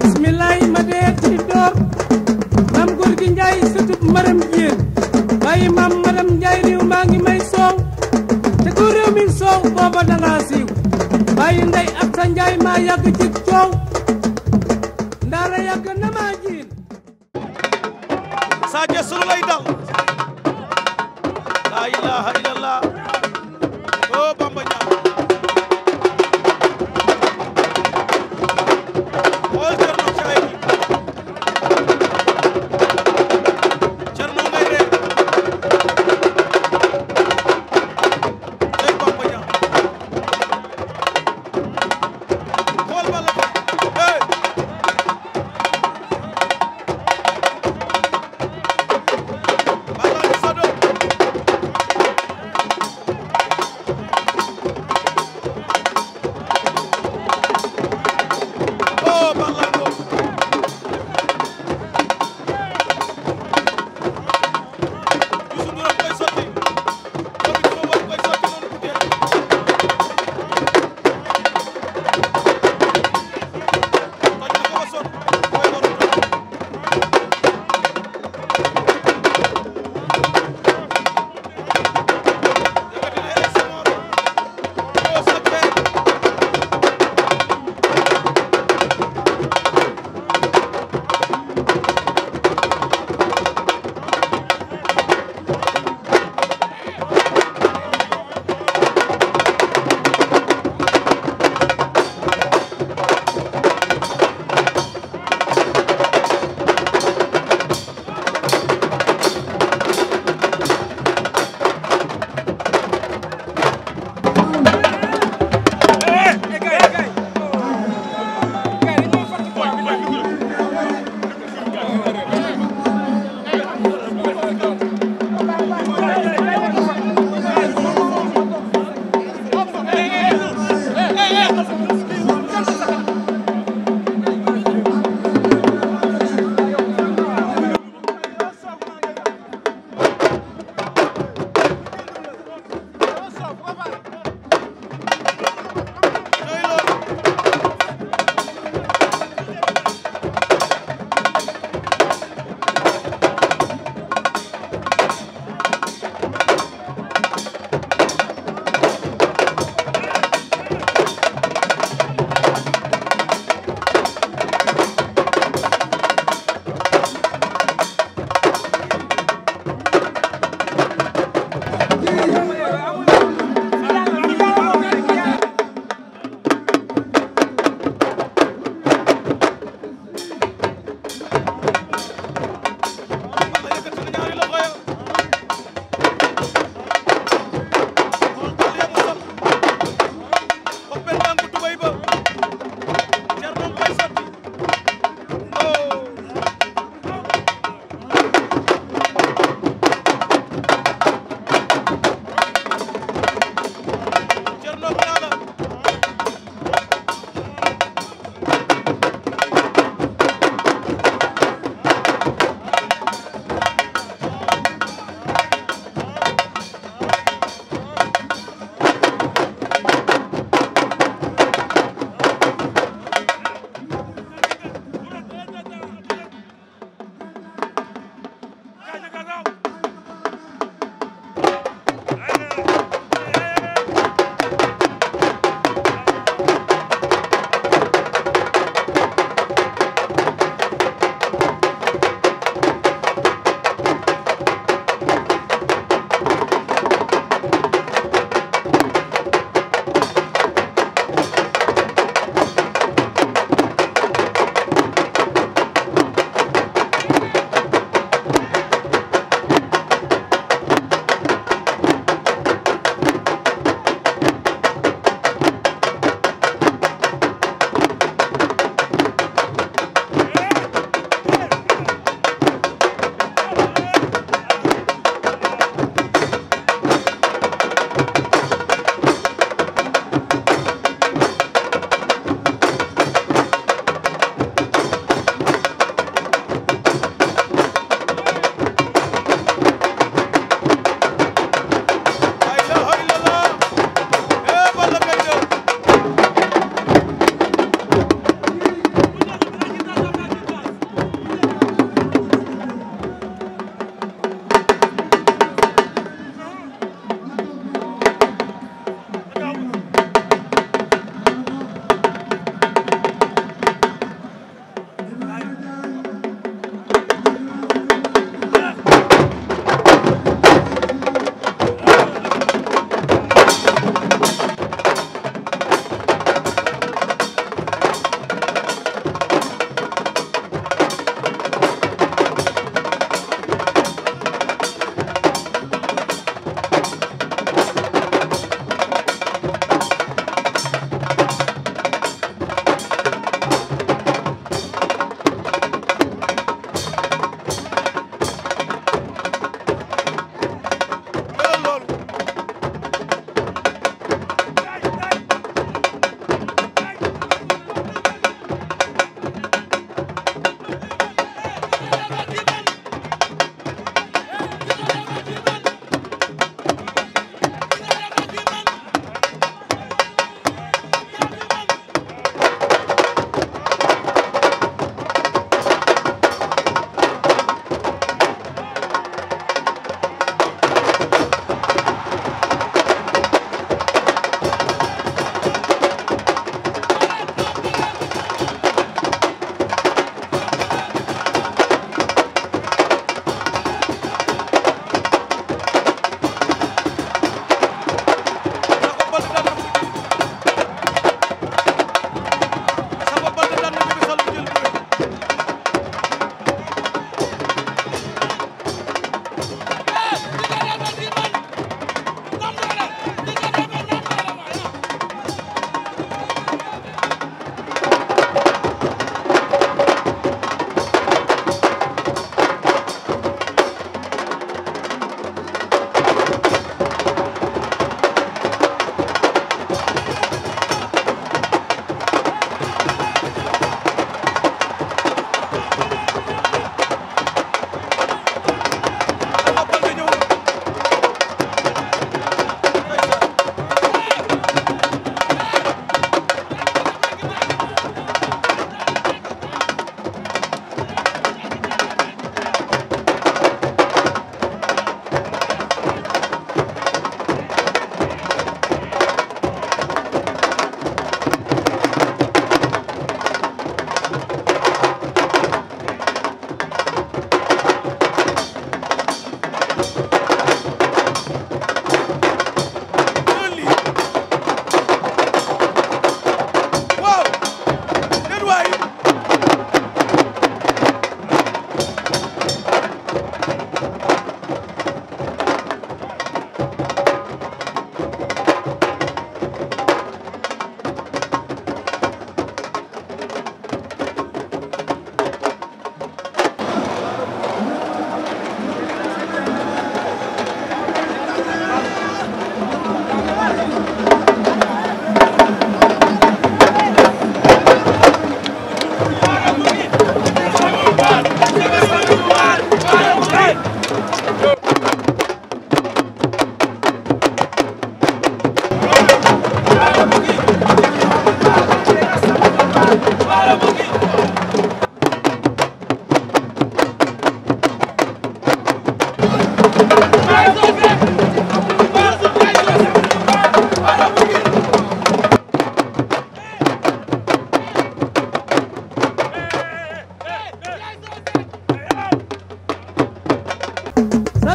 bismillaay ma dee ci door maam góor gi njaay sëtub maram jéen waaye maam maram njaay réew maa ngi may soow te ko réew mi soow booba danga siiw waaye ndey ak sa njaay maa yàgg ci coow ndaara yàgg na maa jéen saa jeex sunu lay dal laa ilaaha illallah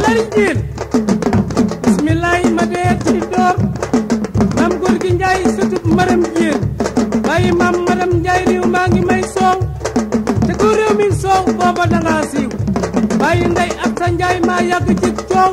lariñ jiin bismillaay ma dee door maam góor gi njaay sutub maram jiin bàyyi maam maram njaay riw maa ngi may soow te ku réew mi soow booba dangaa siiw ndey ak njaay maa yàgg ci coow